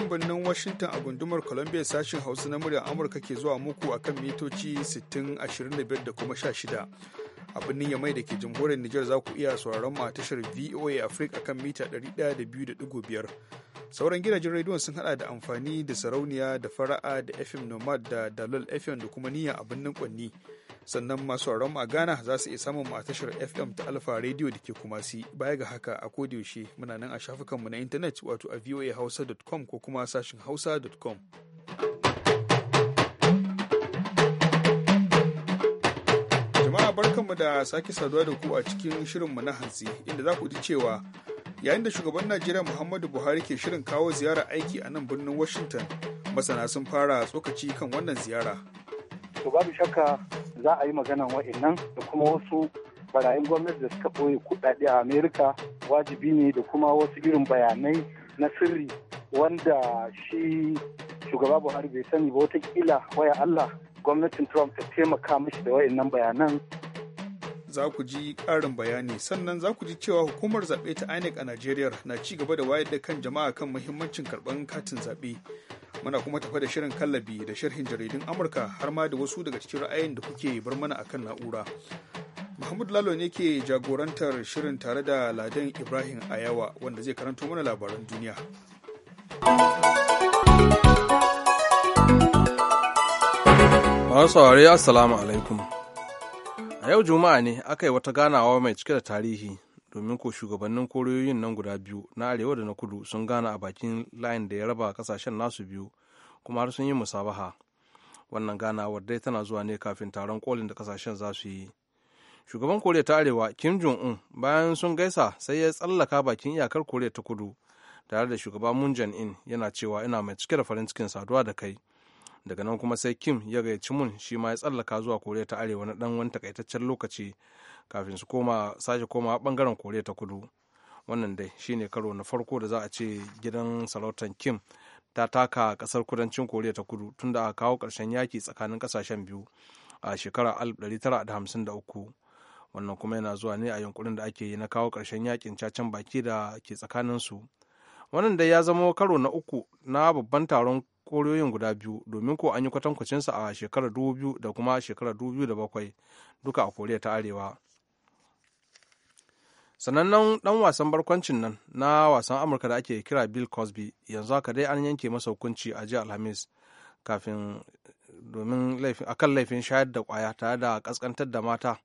nan birnin Washington a gundumar Columbia sashen Hausa na muryar Amurka ke zuwa muku akan mitoci 60, 25 da kuma 16. a birnin yamai da ke jamhuriyar Nijar za ku iya sauraron ma tashar VOA Africa kan mita 102.5 sauran gidajen rediyon sun hada da amfani da sarauniya da fara'a da FM Nomad da Dalol FM da kuma niyya a birnin Kwanni sannan masu sauraron a Ghana za su iya samun ma tashar FM ta Alfa Radio da ke Kumasi baya ga haka a yaushe muna nan a shafukanmu na intanet wato a voahausa.com ko kuma sashin hausa.com. Jama'a barkanmu da sake saduwa da ku a cikin shirinmu na hantsi inda za ku ji cewa yayin da shugaban Najeriya Muhammadu Buhari ke shirin kawo ziyara aiki a nan birnin Washington masana sun fara tsokaci kan wannan ziyara. To babu shakka za a yi maganan wa'annan da kuma wasu barayin gwamnati da suka ɓoye kuɗaɗe a Amerika wajibi ne da kuma wasu irin bayanai na sirri wanda shi shugaba Buhari bai sani ba watakila waya Allah gwamnatin Trump ta taimaka mashi da wayannan bayanan. Za ku ji ƙarin bayani sannan za ku ji cewa hukumar zaɓe ta INEC a Najeriya na ci gaba da wayar da kan jama'a kan muhimmancin karɓar katin zaɓe. Muna kuma tafa da shirin kallabi da sharhin jaridun Amurka har ma da wasu daga cikin ra'ayin da kuke bar mana akan na'ura. Mahmud Lalo ne ke jagorantar shirin tare da Ladan Ibrahim Ayawa wanda zai karanto mana labaran duniya. saurari Assalamu alaikum. A yau Juma'a ne aka yi wata ganawa mai cike da tarihi domin ko shugabannin koriyoyin nan guda biyu na arewa da na kudu sun gana a bakin layin da ya raba kasashen nasu biyu kuma har sun yi musabaha. Wannan ganawar dai tana zuwa ne kafin taron kolin da kasashen za su yi. Shugaban Koriya ta Arewa Kim Jong-un bayan sun gaisa sai ya tsallaka bakin iyakar Koriya ta Kudu tare da shugaba Moon Jae-in yana cewa ina mai cike da farin cikin saduwa da kai. daga nan kuma sai kim ya gayyaci mun shi ma ya tsallaka zuwa koriya ta arewa na dan wani takaitaccen lokaci kafin su koma sake komawa bangaren koriya ta kudu wannan dai shine karo na farko da za a ce gidan sarautar kim ta taka kasar kudancin koriya ta kudu tunda aka kawo karshen yaki tsakanin kasashen biyu a tara da uku wannan kuma yana zuwa ne a yunkurin da ake yi na kawo karshen yakin cacen baki da ke tsakanin su wannan da ya zama karo na uku na babban taron koriyoyin guda biyu domin ko an yi kwatankwacinsa a shekarar dubu biyu da kuma shekarar dubu biyu da bakwai duka a koriya ta arewa sanannen dan wasan barkwancin nan na wasan amurka da ake kira bill cosby yanzu haka dai an yanke masa hukunci a jiya alhamis kafin domin akan laifin shayar da kwaya tare da kaskantar da mata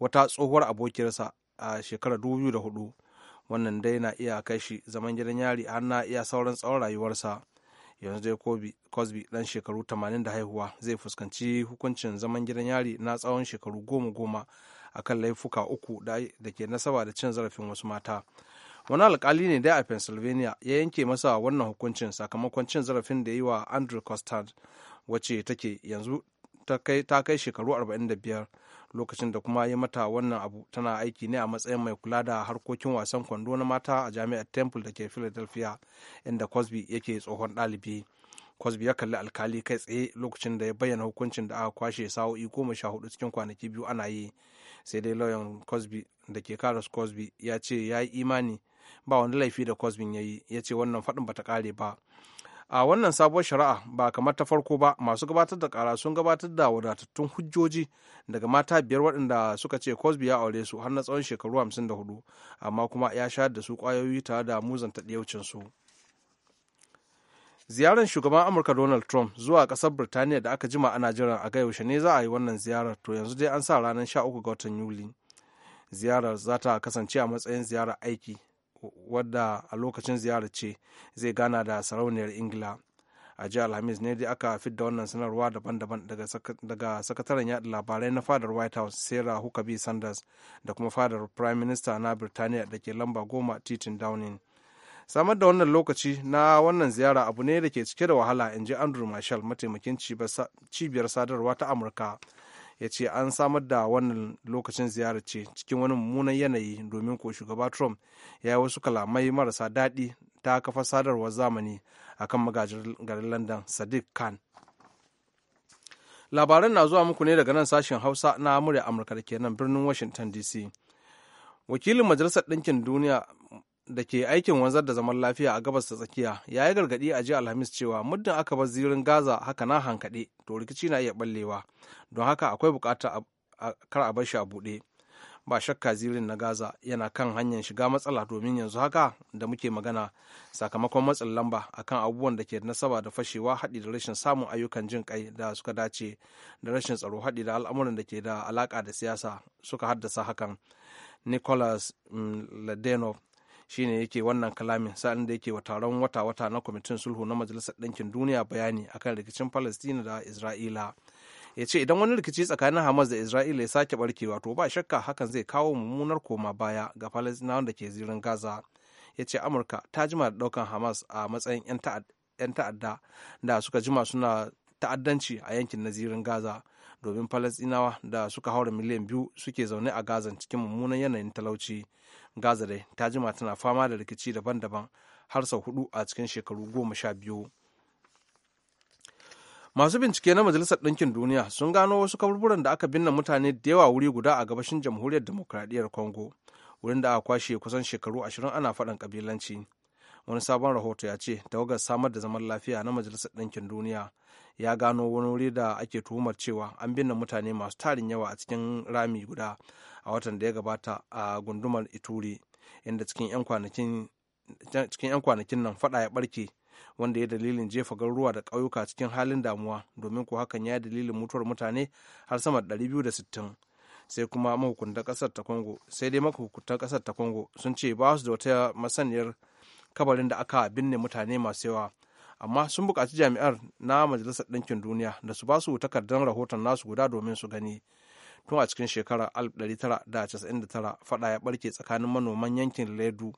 wata tsohuwar abokiyarsa a shekarar dubu biyu da hudu wannan dai na iya kai shi zaman gidan yari har na iya sauran tsawon rayuwarsa yanzu dai cosby dan shekaru 80 da haihuwa zai fuskanci hukuncin zaman gidan yari na tsawon shekaru goma goma a kan laifuka uku da ke nasaba da cin zarafin wasu mata wani alkali ne dai a pennsylvania ya yanke masa wannan hukuncin sakamakon cin zarafin da yi wa andrew costard wacce take yanzu ta kai shekaru 45 lokacin da kuma ya mata wannan abu tana aiki ne a matsayin mai kula da harkokin wasan kwando na mata a jami'ar temple da ke philadelphia inda cosby yake tsohon ɗalibi cosby ya kalli alkali kai tsaye lokacin da ya bayyana hukuncin da aka kwashe sa'o'i goma sha hudu cikin kwanaki biyu ana yi sai dai lauyan cosby da ke karas cosby ya ce ya yi imani ba wani laifi da cosby ya yi ya ce wannan faɗin bata kare ba a wannan sabuwar shari'a ba kamar ta farko ba masu gabatar da kara sun gabatar da wadatattun hujjoji daga mata biyar waɗanda suka ce cosby ya aure su har na tsawon shekaru 54 amma kuma ya sha da su kwayoyi tare da muzanta su. ziyarar shugaban amurka donald trump zuwa ƙasar birtaniya da aka jima ana jiran a yaushe ne za a yi wannan ziyarar to yanzu dai an sa ranar 13 ga watan yuli ziyarar za ta kasance a matsayin ziyarar aiki wadda a lokacin ziyara ce zai gana da sarauniyar ingila a jiya alhamis ne dai aka fidda wannan sanarwa daban-daban daga sakataren yada labarai na fadar white house sarah huckabee sanders da kuma fadar prime minister na birtaniya da ke lamba goma titin downing samar da wannan lokaci na wannan ziyara abu ne da ke cike da wahala in ji andrew marshall mataimakin cibiyar sadarwa ta amurka ya ce an samar da wannan lokacin ziyarar ce cikin wani mummunan yanayi domin ko shugaba trump ya yi wasu kalamai marasa daɗi ta kafa sadarwar zamani akan magajin garin london sadiq khan labaran na zuwa muku ne daga nan sashen hausa na amurya amurka da ke nan birnin washington dc wakilin majalisar ɗinkin duniya da ke aikin wanzar da zaman lafiya a gabas ta tsakiya ya yi gargaɗi a jiya alhamis cewa muddin aka bar zirin gaza haka na hankaɗe to rikici na iya ɓallewa don haka akwai a kar a bar shi a buɗe ba shakka zirin na gaza yana kan hanyar shiga matsala domin yanzu haka da muke magana sakamakon matsin lamba akan abubuwan da ke nasaba da fashewa haɗi da rashin samun ayyukan jin kai da suka dace da rashin tsaro haɗi da al'amuran da ke da alaƙa da siyasa suka haddasa hakan nicholas mm, ladenov shine yake wannan kalamin sa'an da yake wa taron wata-wata na kwamitin sulhu na majalisar ɗinkin duniya bayani akan rikicin palestina da isra'ila ya ce idan wani rikici tsakanin hamas da isra'ila ya sake barkewa to ba shakka hakan zai kawo mummunar koma baya ga palestinawan da ke zirin gaza ya ce amurka ta jima da ɗaukan hamas a matsayin 'yan ta'adda da suka jima suna ta'addanci a yankin na zirin gaza domin palestinawa da suka haura miliyan biyu suke zaune a gaza cikin mummunan yanayin talauci gaza dai ta jima tana fama da rikici daban-daban har sau hudu a cikin shekaru goma sha biyu masu bincike na majalisar ɗinkin duniya sun gano wasu kaburburan da aka binne mutane da yawa wuri guda a gabashin jamhuriyar demokradiyyar congo wurin da aka kwashe kusan shekaru ashirin ana faɗan ƙabilanci wani sabon rahoto ya ce tawagar samar da zaman lafiya na majalisar ɗinkin duniya ya gano wani wuri da ake tuhumar cewa an binne mutane masu tarin yawa a cikin rami guda a watan da ya gabata a gundumar ituri inda cikin 'yan kwanakin nan fada ya barke wanda ya dalilin jefa garuruwa da ƙauyuka cikin halin damuwa domin ko hakan ya dalilin mutuwar mutane har sama da 260 sai kuma mahukuntan ƙasar ta congo sai dai mahukuntan ƙasar ta congo sun ce ba su da wata masaniyar kabarin da aka binne mutane masu yawa amma sun buƙaci jami'ar na majalisar ɗinkin duniya da su basu su takardar rahoton nasu guda domin su gani tun a cikin shekarar 1999 faɗa ya barke tsakanin manoman yankin ledu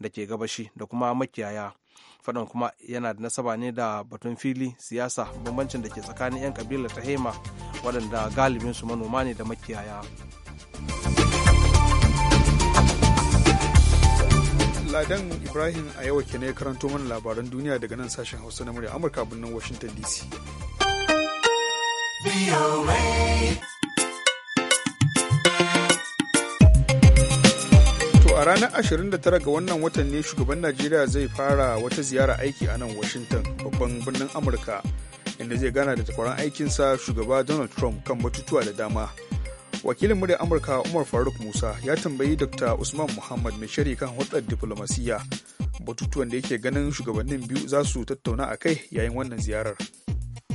da ke gabashi da kuma makiyaya fadan kuma yana da nasaba ne da batun fili siyasa bambancin da ke tsakanin 'yan kabilar ta hema waɗanda galibinsu manoma ne da makiyaya. Ladan Ibrahim a yau ke ne karanto mana labaran duniya daga nan sashen Hausa na murya Amurka birnin Washington DC. To a ranar 29 ga wannan watan ne shugaban Najeriya zai fara wata ziyara aiki a nan Washington babban birnin Amurka inda zai gana da takwaran aikinsa shugaba Donald Trump kan batutuwa da dama. wakilin murya amurka umar faruk musa ya tambayi dr usman muhammad mai shari kan hulɗar diflomasiyya batutuwan da yake ganin shugabannin biyu za su tattauna a kai yayin wannan ziyarar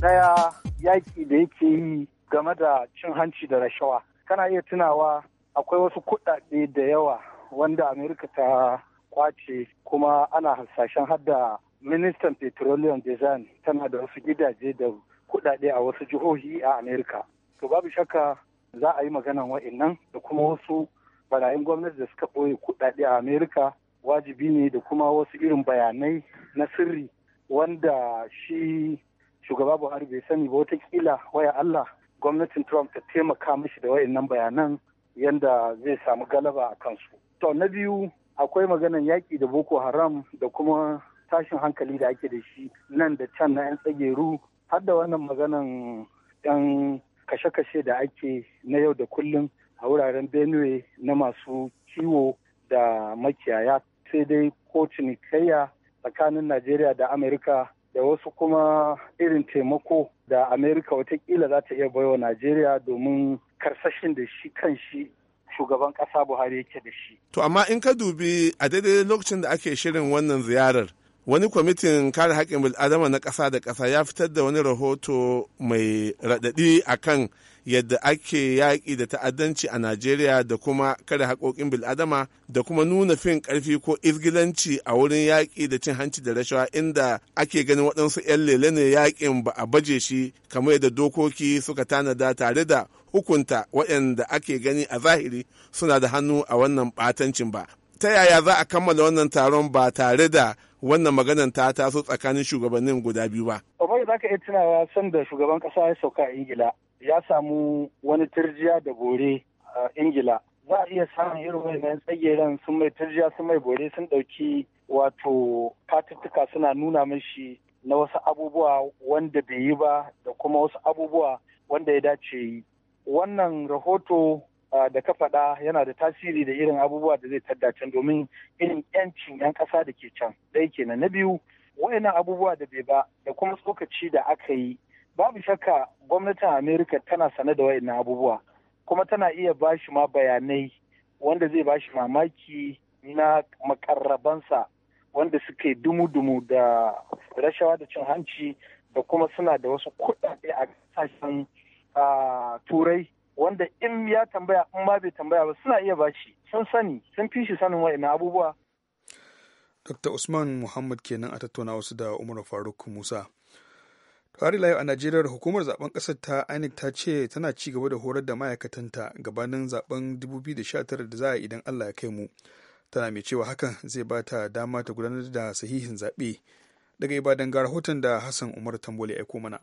daya yaƙi da yake yi game da cin hanci da rashawa kana iya tunawa akwai wasu kuɗaɗe da yawa wanda amerika ta kwace kuma ana hasashen hadda ministan petroleum design tana da wasu gidaje da kuɗaɗe a wasu jihohi a amurka to babu shakka za a yi maganan wa'annan da kuma wasu barayin gwamnati da suka ɓoye kuɗaɗe a amerika wajibi ne da kuma wasu irin bayanai na sirri wanda shi shugaba buhari bai sani ba watakila waya allah gwamnatin trump ta taimaka mashi da wa'annan bayanan yanda zai samu galaba a kansu to na biyu akwai maganan yaƙi da boko haram da kuma tashin hankali da ake da shi nan da can na 'yan tsageru har da wannan maganan 'yan kashe-kashe da ake na yau da kullum a wuraren benue na masu kiwo da makiyaya sai dai ko cinikayya tsakanin najeriya da amerika da wasu kuma irin taimako da amerika watakila za ta iya baiwa najeriya domin karsashin da shi kan shi shugaban ƙasa buhari yake da shi to amma in ka dubi a daidai lokacin da ake shirin wannan ziyarar wani kwamitin kare haƙƙin bil'adama na ƙasa da ƙasa ya fitar da wani rahoto mai raɗaɗi a kan yadda ake yaƙi da ta'addanci a najeriya da kuma kare haƙoƙin bil'adama da kuma nuna fin ƙarfi ko izgilanci a wurin yaƙi da cin hanci da rashawa inda ake ganin waɗansu 'yan lele ne yaƙin ba a baje shi kamar yadda dokoki suka tanada tare da hukunta waɗanda ake gani a zahiri suna da hannu a wannan ɓatancin ba ta yaya za a kammala wannan taron ba tare da wannan maganan ta taso tsakanin shugabannin guda biyu ba. Omar za ka iya tunawa sanda shugaban kasa ya sauka a Ingila ya samu wani turjiya da bore a Ingila. Za a iya samun irin wannan tsageren sun mai turjiya sun mai bore sun ɗauki wato Fatittuka suna nuna mashi na wasu abubuwa wanda bai yi ba da kuma wasu abubuwa wanda ya dace yi. Wannan rahoto Ah, da ka faɗa yana da tasiri da irin abubuwa da zai tadda can domin irin 'yancin 'yan ƙasa da ke can ɗaya kenan na biyu wayannan abubuwa da bai ba da kuma tsokaci da aka yi babu shakka gwamnatin america tana sane da wayannan abubuwa kuma tana iya ba shi ma bayanai wanda zai ba shi mamaki na makarrabansa wanda suke dumu-dumu da rashawa da cin hanci da kuma suna da wasu kuɗaɗe a ƙasashen ah, turai wanda in ya tambaya in ma bai tambaya ba suna iya bashi sun sani sun fi shi sanin wa'ina abubuwa. Dr. Usman Muhammad kenan a tattauna wasu da Umar Faruk Musa. Tare layu a Najeriya hukumar zaben ƙasar ta INEC ta ce tana ci gaba da horar da ma'aikatanta gabanin zaben 2019 da za a idan Allah ya kai mu. Tana mai cewa hakan zai ba ta dama ta gudanar da sahihin zaɓe. Daga Ibadan ga rahoton da Hassan Umar ya aiko mana.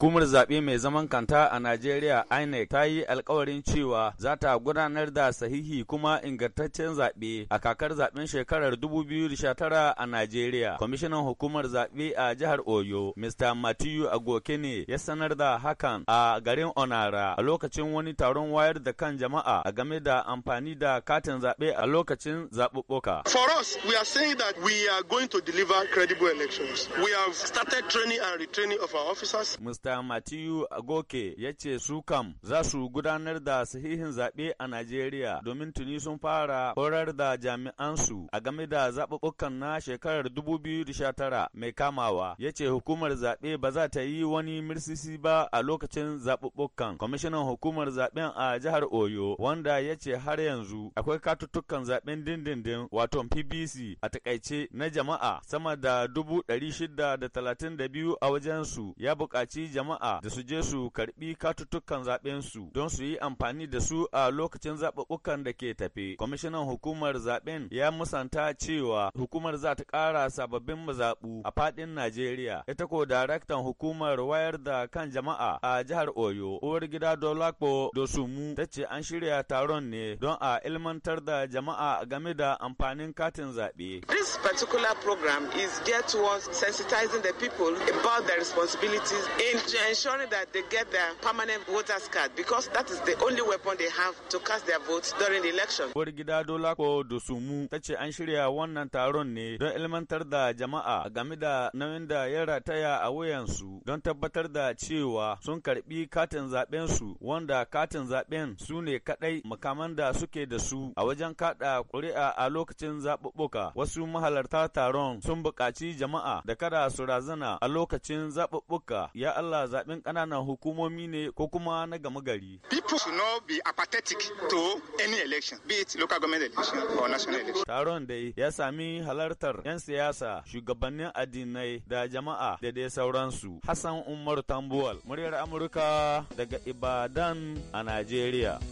Hukumar zaɓe mai zaman kanta a Najeriya INEC ta yi alkawarin cewa za ta gudanar da sahihi kuma ingantaccen zaɓe a kakar zaɓen shekarar 2019 a Najeriya. Kwamishinan hukumar zaɓe a jihar Oyo, Mr. Matiyu Agokene ya sanar da hakan a garin Onara a lokacin wani taron wayar da kan jama'a a game da amfani da katin zaɓe a lokacin zaɓuɓɓuka. For us, we are saying that we are going to deliver credible elections. started training and retraining of our Mr. Mr. Matiyu Agoke ya ce su kam za su gudanar da sahihin zaɓe a Najeriya domin tuni sun fara horar da jami'ansu a game da zaɓuɓɓukan na shekarar 2019 mai kamawa. Ya ce hukumar zaɓe ba za ta yi wani mirsisi ba a lokacin zaɓuɓɓukan. Kwamishinan hukumar zaɓen a jihar Oyo wanda ya ce har yanzu akwai katuttukan zaɓen dindindin wato PBC a takaice na jama'a sama da 632 a wajen su ya buƙaci jama'a da su je su karbi katutukan zaben su don su yi amfani da su a lokacin zaɓuɓɓukan da ke tafe. Kwamishinan hukumar zaben ya musanta cewa hukumar za ta ƙara sababbin mazaɓu a faɗin Najeriya. Ita ko daraktan hukumar wayar da kan jama'a a jihar Oyo, uwar gida Dolapo Dosumu ta ce an shirya taron ne don a ilmantar da jama'a game da amfanin katin zaɓe. This particular program is geared towards sensitizing the people about their responsibilities in to ensuring that they get their permanent voters card because that is the only weapon they have to cast their votes during the election. Uwar gida ko Dosumu ta ce an shirya wannan taron ne don ilmantar da jama'a game da nauyin da ya rataya a wayansu don tabbatar da cewa sun karbi katin zaben su wanda katin zaben su ne kadai makaman da suke da su a wajen kada kuri'a a lokacin zaɓuɓɓuka. Wasu mahalarta taron sun buƙaci jama'a da kada su razana a lokacin zaɓuɓɓuka. Ya Allah Allah zaben ƙananan hukumomi ne ko kuma na gama gari. People should not be apathetic to any election, be it local government election or national election. Taron dai ya sami halartar 'yan siyasa, shugabannin addinai da jama'a da dai sauransu. Hassan Umar Tambuwal, muryar Amurka daga Ibadan a Najeriya.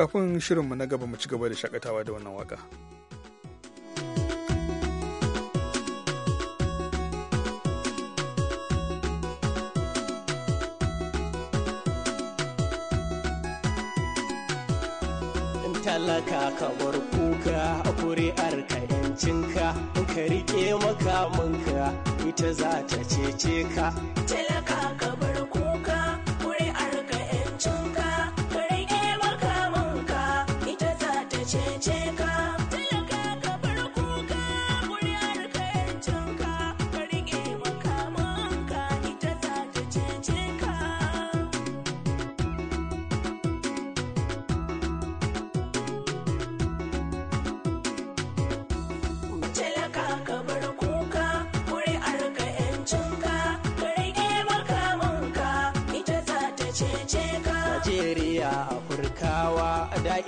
kafin shirinmu na gaba mu ci gaba da shakatawa da wannan waka. talaka ka bar kuka a kuri'ar ka yancinka in ka rike makamanka ita za ta cece ka talaka ka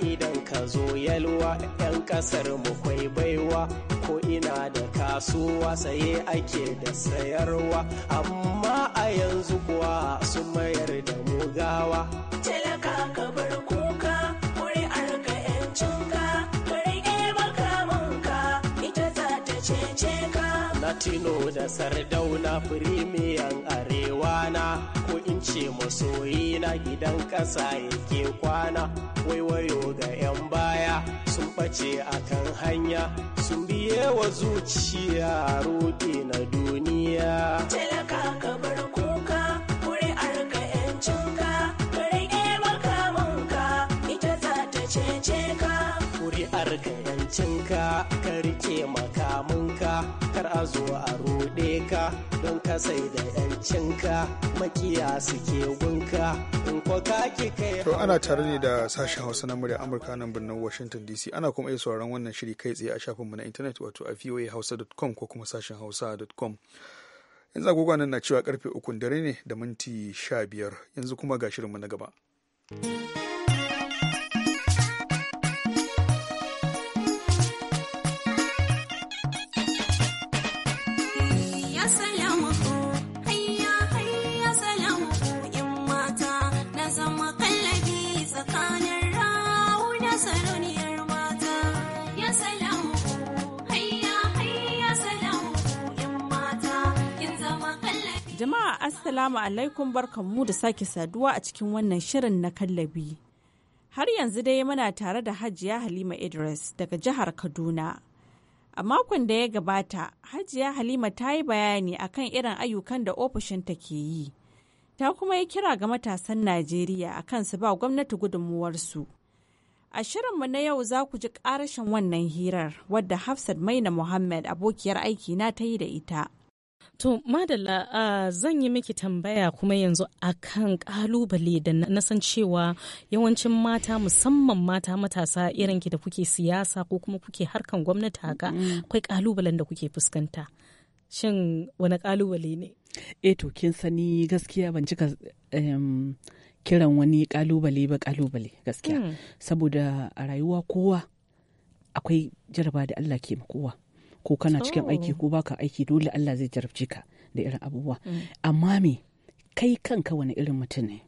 idan ka zo yalwa 'yan kasar mu kwai baiwa ko ina da kasuwa saye ake da sayarwa amma a yanzu kuwa sun mayar da mugawa tino da sardauna firimiyan arewa na ko in ce masoyi na gidan ƙasa yake kwana waiwayo ga 'yan baya sun ɓace a kan hanya sun biye wa zuciya roƙi na duniya talaka bar kuka kuri'ar ka 'yancinka ka rike makamanka ita za ta cece ka kuri'ar ka 'yancinka ka rike makamanka a zo a ka don sai da yancinka makiya suke gunka in ko ka ki kai to ana tare ne da sashen hausa na murya amurka nan birnin washington dc ana kuma iya sauraron wannan shiri kai tsaye a shafinmu na intanet wato a voahausa.com ko kuma sashen hausa.com yanzu agogo nan na cewa karfe 3 dare ne da minti sha yanzu kuma ga shirinmu na gaba. mm -hmm. Jama'a Assalamu alaikum barkan mu da sake saduwa a cikin wannan shirin na kallabi. Har yanzu dai muna tare da Hajiya Halima Idris daga jihar Kaduna. A makon da ya gabata, Hajiya Halima ta yi bayani akan irin ayyukan da ofishinta ke yi. Ta kuma yi kira ga matasan Najeriya akan su ba gwamnati gudunmuwarsu. A shirinmu na yau za ku ji ƙarashin wannan hirar wadda Hafsat Maina Muhammad abokiyar aiki na ta yi da ita. To Madalla uh, zan yi miki tambaya kuma yanzu a kan kalubale da nasan cewa yawancin mata musamman mata matasa irin ki da kuke siyasa ko kuma kuke harkan gwamnati haka akwai kalubalen da kuke fuskanta. Shin wani kalubale ne? E to kin sani gaskiya ban cika kiran wani kalubale ba kalubale gaskiya. Mm. Saboda a rayuwa kowa akwai jaraba da Allah ke kowa. ko kana cikin aiki ko baka aiki dole Allah zai jarabce ka da irin abubuwa mm. amma me kai kanka wani irin mutum ne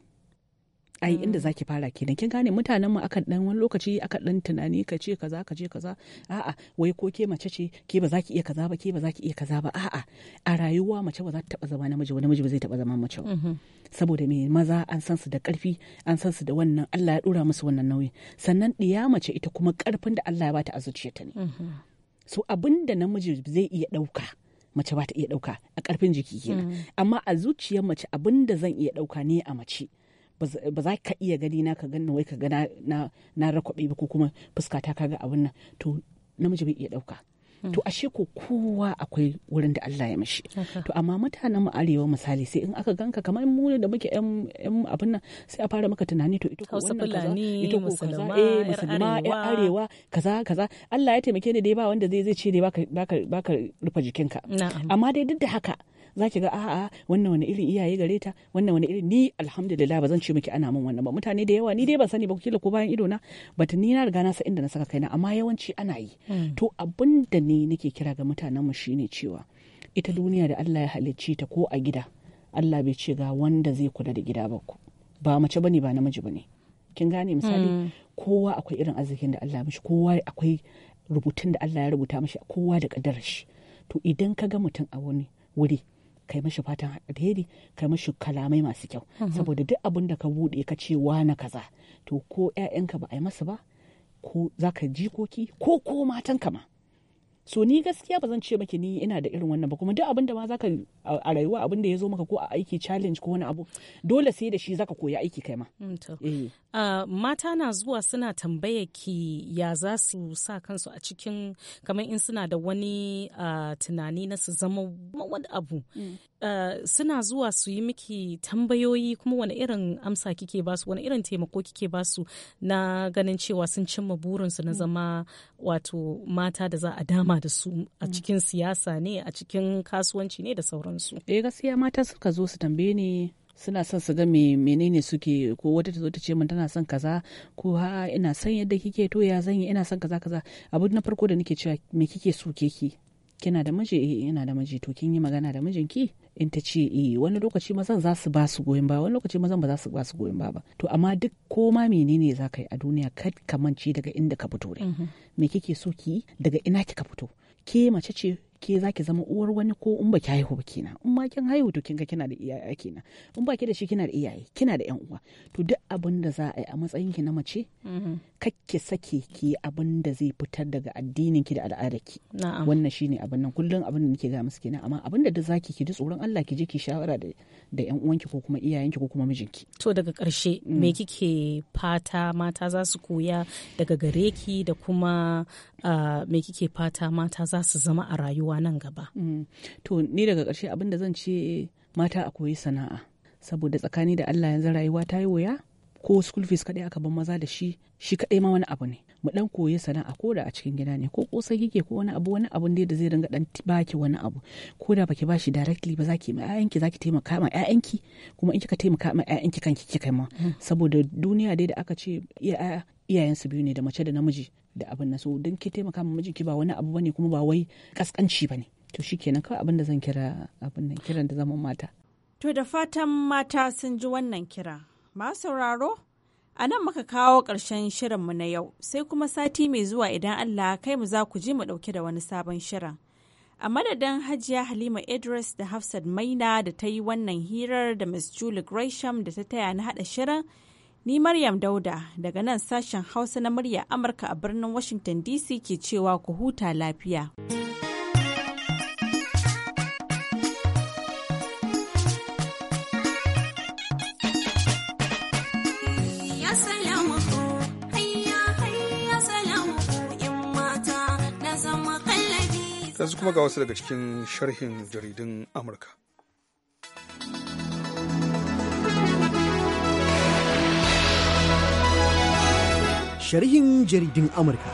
ai mm. inda zaki fara kenan kin gane mutanen mu akan dan wani lokaci akan dan tunani ka ce kaza ka ce kaza a'a wai ko ke mace ce ke ba za iya kaza ba ke ba za iya kaza ba a'a a rayuwa mace ba za ta taba zama namiji ba namiji ba zai taba zama mace mm-hmm. saboda me maza an san su da karfi an san su da wannan Allah ya dora musu wannan nauyi sannan diya mace ita kuma karfin da Allah ya bata a zuciyarta ne mm-hmm. so abin da namiji zai iya dauka mace ba ta iya dauka a karfin jiki kenan mm. amma a zuciyar mace abinda zan iya dauka ne a mace ba za ka iya gani na ka gani wai ka ga na rakwabe ba ko kuma fuska ta kaga abin nan to namiji bai iya dauka. Mm. to ashe ko kowa akwai wurin da Allah ya mishi to amma mutanen mu arewa misali sai in aka ganka kamar mu da muke yan abin nan sai a fara maka tunani to ita ko wannan kaza ita ko kaza eh musulma ya arewa kaza kaza Allah ya taimake ni dai ba wanda zai zai ce dai baka baka baka rufe jikinka amma dai duk da haka za ki ga a'a wannan wani irin iyaye gare ta wannan wani irin ni alhamdulillah ba zan ce miki ana min wannan ba mutane da yawa ni dai ban sani ba kila ko bayan ido na bata ni na riga na sa inda na saka kaina amma yawanci ana yi hmm. to abin da ne nake kira ga mutanen mu shine cewa ita duniya da Allah ya halicce ta ko a gida Allah bai ce ga wanda zai kula da gida ba ku ba mace bane ba namiji bane kin gane misali hmm. kowa akwai irin arzikin da Allah mishi kowa akwai rubutun da Allah ya rubuta mishi kowa da kaddarar shi to idan ka ga mutum a wani wuri kai mashi fatan alheri kai mashi kalamai masu kyau mhm. saboda duk abin da ka bude ka ce na kaza to ko 'ya'yanka ba a yi masa ba ko za ka jikoki ko ko matan ma so ni gaskiya ba zan ce maki ni ina da irin wannan ba kuma duk abinda ma zaka a rayuwa abinda da ya zo maka ko a aiki challenge ko wani abu dole sai da shi zaka koya aiki kai ma mm, eh. mata na zuwa suna tambaya ki ya za su sa kansu a cikin kamar in suna da wani tunani na su zama wani abu mm. suna zuwa su yi miki tambayoyi kuma wani irin amsa kike ba su wani irin taimako kike ba su na ganin cewa sun cimma burinsu na mm. zama wato mata da za a dama da su a mm. cikin siyasa ne a cikin kasuwanci ne da sauransu eh gaskiya mata suka zo su tambaye ni suna son su ga me menene suke ko wata ta zo ta ce min tana son kaza ko ha ina son yadda kike to ya zan yi ina son kaza kaza abu na farko da nake cewa me kike so keke kina da miji eh ina da miji to kin yi magana da mijinki in ta ce eh wani lokaci mazan za su ba su goyon ba wani lokaci mazan ba za su ba su goyon ba to amma duk ko ma menene za ka yi a duniya kad ka mance daga inda ka fito ne mm-hmm. me kike so ki daga ina kika fito ke mace ce ke za ki zama uwar wani ko in ba ki haihu ba kina in ma kin haihu to kin ga kina da iyaye kina in ba ki da shi kina da iyaye kina da yan uwa to duk abin da za a yi a matsayin ki na mace mm-hmm. ki sake ki abin da zai fitar daga addinin ki da al'adar ki wannan shine abin nan kullum abin da nake ga musu kenan amma abin da zaki ki ji tsoron Allah ki je ki shawara da da yan uwanki ko kuma ki ko kuma mijinki to daga karshe me mm. kike fata mata za su koya daga gare ki da kuma uh, me kike fata mata za su zama a rayuwa nan gaba mm. to ni daga ƙarshe abin da zan ce mata a koyi sana'a saboda tsakani da Allah yanzu rayuwa ta yi wuya ko school fees kaɗai aka ban maza da shi shi kaɗai ma wani abu ne mu dan koyi sana'a ko da a cikin gida ne ko kosai kike ko wani abu wani abu da zai dinga dan baki wani abu ko da baki bashi directly ba zaki ma ƴaƴanki zaki taimaka ma ƴaƴanki kuma in kika taimaka ma ƴaƴanki kanki kika ma mm. saboda duniya dai da aka ce iyayen su biyu ne da mace da namiji da abin na so don ke taimaka ma mijinki ba wani abu bane kuma ba wai kaskanci ba ne to shikenan kawai abin da zan kira abin nan kiran da zaman mata to da fatan mata sun ji wannan kira ma sauraro a nan muka kawo ƙarshen mu na yau sai kuma sati mai zuwa idan allah kai mu za ku je mu ɗauke da wani sabon shirin a madadin hajiya halima idris da hafsat maina da ta yi wannan hirar da miss julie gresham da ta taya na haɗa shirin Ni Maryam Dauda daga nan sashen Hausa na murya Amurka a birnin Washington DC ke cewa ku huta lafiya. Yanzu kuma ga wasu daga cikin sharhin jaridun Amurka. sharhin jaridin Amurka.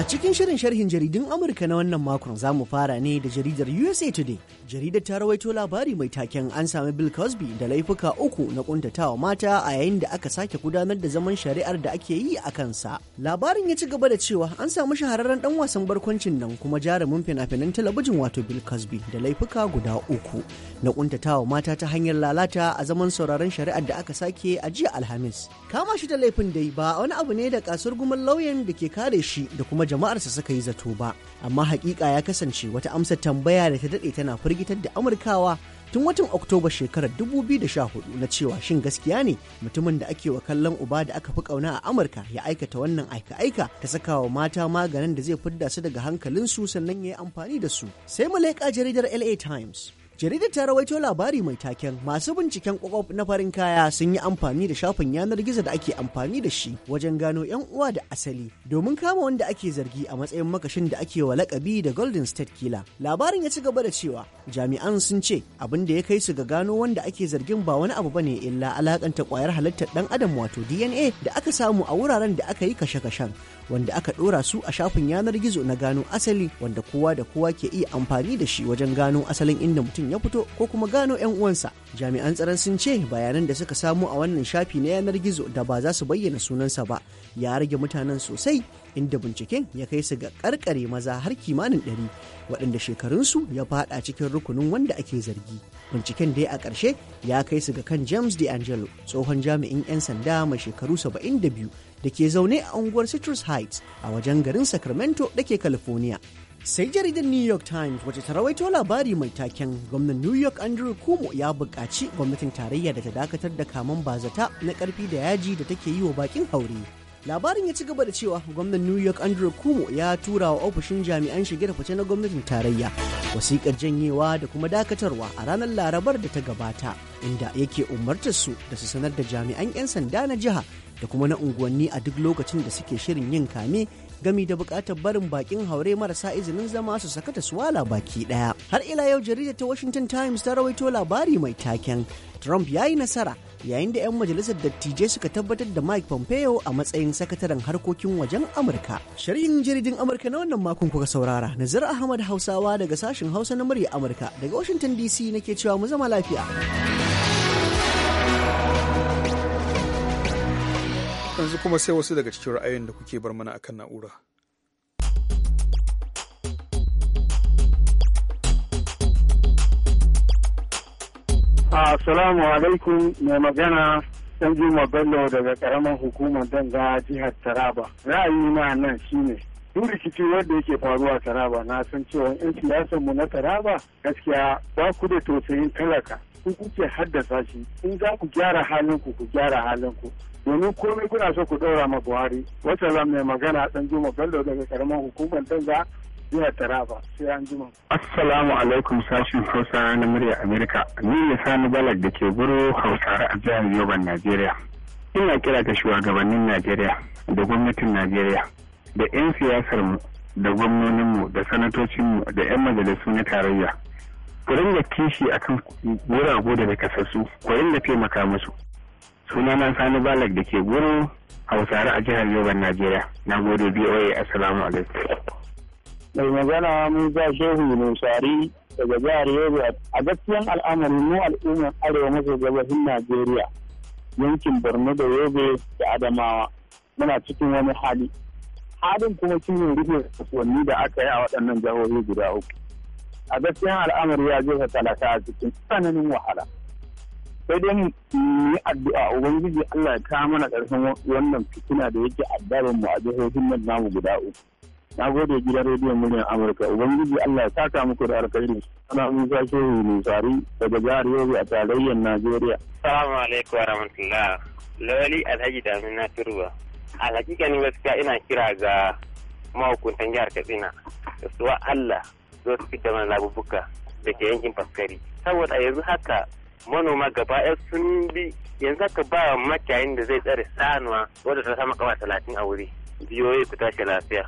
A cikin shirin sharhin jaridun Amurka na wannan makon za mu fara ne da jaridar USA Today jaridar ta rawaito labari mai taken an sami bill cosby da laifuka uku na kuntatawa mata a yayin da aka sake gudanar da zaman shari'ar da ake yi a kansa labarin ya ci gaba da cewa an samu shahararren dan wasan barkwancin nan kuma jarumin fina-finan talabijin wato bill cosby da laifuka guda uku na kuntatawa mata ta hanyar lalata a zaman sauraron shari'ar da aka sake a jiya alhamis kama shi da laifin dai ba wani abu ne da kasuwar gumin lauyan da ke kare shi da kuma jama'arsa suka yi zato ba amma hakika ya kasance wata amsa tambaya da ta daɗe tana firgitar da amurkawa tun watan oktoba shekarar 2014 na cewa shin gaskiya ne mutumin da ake wa kallon uba da aka fi kauna a amurka ya aikata wannan aika-aika ta saka wa mata maganin da zai fidda su daga hankalinsu sannan ya yi amfani da su sai mu leƙa jaridar la times jaridar ta rawaito labari mai taken masu binciken kwakwaf na farin kaya sun yi amfani da shafin yanar gizo da ake amfani da shi wajen gano yan uwa da asali domin kama wanda ake zargi a matsayin makashin da ake wa lakabi da golden state Killer. labarin ya ci gaba da cewa jami'an sun ce abin da ya kai su ga gano wanda ake zargin ba wani abu bane illa alakanta kwayar halittar dan adam wato dna da aka samu a wuraren da aka yi kashe-kashen wanda aka ɗora su a shafin yanar gizo na gano asali wanda kowa da kowa ke iya amfani da shi wajen gano asalin inda mutum ya fito ko kuma gano 'yan uwansa. Jami'an tsaron sun ce bayanan da suka samu a wannan shafi na yanar gizo da ba za su bayyana sunansa ba ya rage mutanen sosai inda binciken ya kai su ga karkare maza har kimanin ɗari waɗanda shekarunsu ya faɗa cikin rukunin wanda ake zargi. Binciken dai a ƙarshe ya kai su ga kan James de angelo tsohon jami'in 'yan sanda mai shekaru 72 da ke zaune a unguwar Citrus Heights a wajen garin Sacramento da ke California. Sai jaridar New York Times wace ta rawaito labari mai taken gwamnan New York Andrew Cuomo ya buƙaci gwamnatin tarayya da ta dakatar da kaman bazata na ƙarfi da yaji da take yi wa bakin haure. Labarin ya ci gaba da cewa gwamnan New York Andrew Cuomo ya tura wa ofishin jami'an shige da fice na gwamnatin tarayya Wasikar janyewa da kuma dakatarwa a ranar larabar da ta gabata inda yake umartar su da su sanar da jami'an 'yan sanda na jiha da kuma na unguwanni a duk lokacin da suke shirin yin kame gami da bukatar barin bakin haure marasa izinin zama su sakata suwala baki daya har ila yau jaridar ta washington times ta rawaito labari mai taken trump ya yi nasara yayin da 'yan majalisar dattijai suka tabbatar da mike pompeo a matsayin sakataren harkokin wajen amurka shari'in jaridin amurka na wannan makon kuka saurara nazar ahmad hausawa daga sashen hausa na murya amurka daga washington dc nake cewa mu zama lafiya yanzu kuma sai wasu daga cikin ra'ayin da kuke bar mana akan na'ura. asalamu alaikum mai magana ɗan Bello daga karamar hukumar danga jihar Taraba. Ra'ayi na nan shine duk rikici wanda yake faruwa Taraba na san cewa 'yan mu na Taraba gaskiya ba ku da tausayin talaka. Ku kuke haddasa shi in za ku gyara halinku ku gyara halin ku domin komai kuna so ku ɗora ma buhari wata zan mai magana ɗan juma bello daga karamar hukumar danga jihar taraba sai an juma. assalamu alaikum sashin hausa na murya amerika ni ne sani balak da ke buru hausa a jihar yoban najeriya ina kira ga shugabannin najeriya da gwamnatin najeriya da 'yan siyasarmu da gwamnoninmu da sanatocinmu da 'yan majalisu na tarayya ku ringa kishi akan wurago da kasassu ku ringa taimaka musu sunana sani balak da ke guru hausare a jihar yoban najeriya na gode voa assalamu alaikum mai magana musa shehu nusari daga jihar yobe a gaskiyan al'amari mu al'ummar arewa maso gabashin najeriya yankin borno da yobe da adamawa muna cikin wani hali halin kuma shi ne rufe kasuwanni da aka yi a waɗannan jihohi guda uku a gaskiyan al'amari ya jefa talaka a cikin tsananin wahala sai dai mu yi addu'a ubangiji Allah ya kawo mana ƙarshen wannan fitina da yake addaban mu a jihohin nan namu guda uku na gode gidan rediyon muryar amurka ubangiji allah ya saka muku da alkhairi ana musa shehu musari daga jihar yobe a tarayyar najeriya salamu alaikum rahmatullah lawali alhaji damina turba ni gaskiya ina kira ga mahukuntan jihar katsina da suwa allah zo su fita mana labubuka da ke yankin faskari saboda yanzu haka manoma gaba ɗaya sun bi yanzu aka ba makiyayin da zai tsare sanuwa wadda ta sama kama talatin a wuri biyoyi ku tashi lafiya.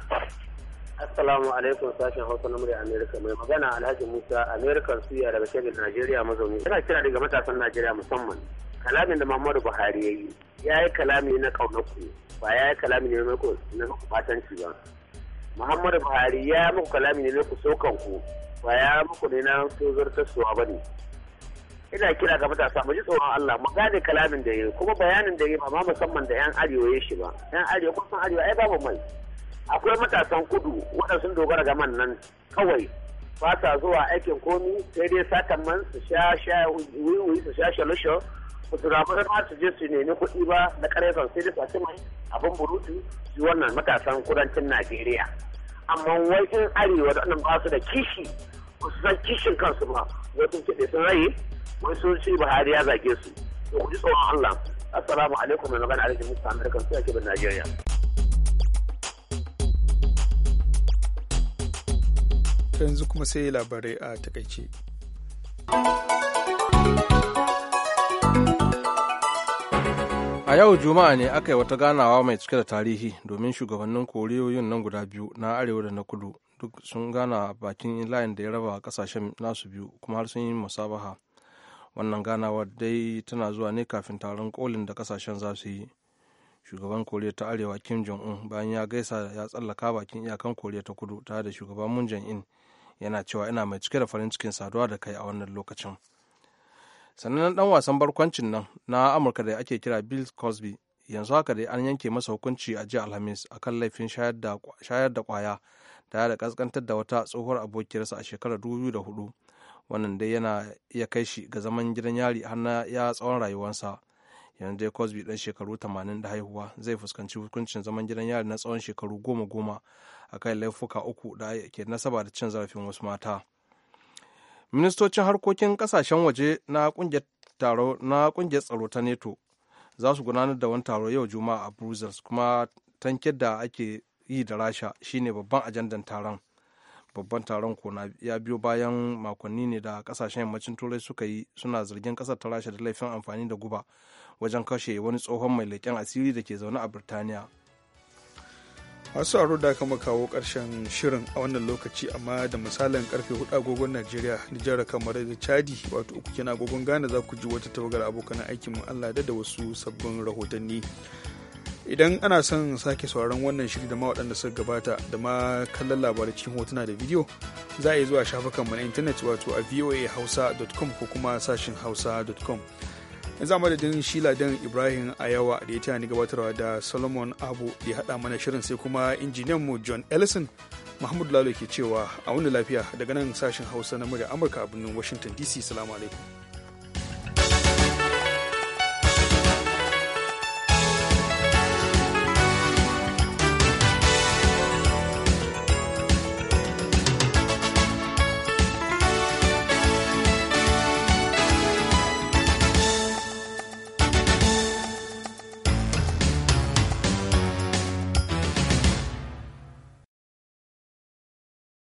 Assalamu alaikum sashen Hausa na murya Amerika mai magana Alhaji Musa amerika suya daga shagin Najeriya mazauni. Yana kira daga matasan Najeriya musamman. Kalamin da Muhammadu Buhari ya yi ya yi kalami na ƙaunaku ba ya yi kalami ne na muku ba. Muhammadu Buhari ya muku kalami ne na ku ba ya muku ne na so ba ne. ina kira ga matasa mu ji tsoron Allah mu gane kalamin da yayi kuma bayanin da yayi ba musamman da yan arewa ya shi ba yan arewa kuma san arewa ai babu mai akwai matasan kudu wadanda sun dogara ga man nan kawai ba sa zuwa aikin komi sai dai sata man su sha sha wiwi su sha shalusho ba su rabu ma su je su nemi kuɗi ba da karefan sai dai ci mai abin burutu su wannan matasan kudancin Najeriya amma wai in arewa da ba su da kishi ba su kishin kansu ba wasu ce sun raye mai sun ba Buhari ya zage su to ku ji Allah assalamu alaikum da magana alaikum musa amerikan sai ake bin Najeriya yanzu kuma sai labarai a takaice a yau juma'a ne aka yi wata ganawa mai cike da tarihi domin shugabannin koriyoyin nan guda biyu na arewa da na kudu duk sun gana bakin layin da ya raba kasashen nasu biyu kuma har sun yi musabaha wannan ganawa dai tana zuwa ne kafin taron kolin da kasashen za su yi shugaban koriya ta arewa kim jong un bayan ya gaisa ya tsallaka bakin iyakan koriya ta kudu tare da shugaban mun jong in yana cewa ina mai cike da farin cikin saduwa da kai a wannan lokacin sannan dan wasan barkwancin nan na amurka da ake kira bill cosby yanzu haka dai an yanke masa hukunci a jiya alhamis akan laifin shayar da kwaya tare da kaskantar da wata tsohuwar abokiyarsa a shekarar 2004 wannan dai yana iya kai shi ga zaman gidan yari har na ya tsawon rayuwarsa yanzu dai cosby dan shekaru 80 da haihuwa zai fuskanci hukuncin zaman gidan yari na tsawon shekaru goma goma a kan laifuka uku da ke nasaba da cin zarafin wasu mata ministocin harkokin kasashen waje na kungiyar tsaro ta neto za su gudanar da wani taro yau juma'a a brussels kuma tankin da ake yi da rasha shine babban ajandan taron babban taron kona ya biyo bayan makonni ne da kasashen yammacin turai suka yi suna zargin kasar ta rasha da laifin amfani da guba wajen kashe wani tsohon mai leƙen asiri da ke zaune a birtaniya masu aro da kama kawo ƙarshen shirin a wannan lokaci amma da misalin karfe 4 agogon najeriya nijar kamar da chadi wato uku kina agogon ghana za ku ji wata tawagar abokan aikin mu allah da wasu sabbin rahotanni idan ana son sake sauraron wannan shiri da ma waɗanda suka gabata da ma kallon labarai cikin hotuna da bidiyo za a yi zuwa shafukanmu na intanet wato a voahausa.com ko kuma sashin hausa.com yanzu a madadin shi ladan ibrahim ayawa da ya tana ni gabatarwa da solomon abu da ya haɗa mana shirin sai kuma injiniyan mu john ellison mahmud lalo ke cewa a wani lafiya daga nan sashin hausa na murya amurka a birnin washington dc salamu alaikum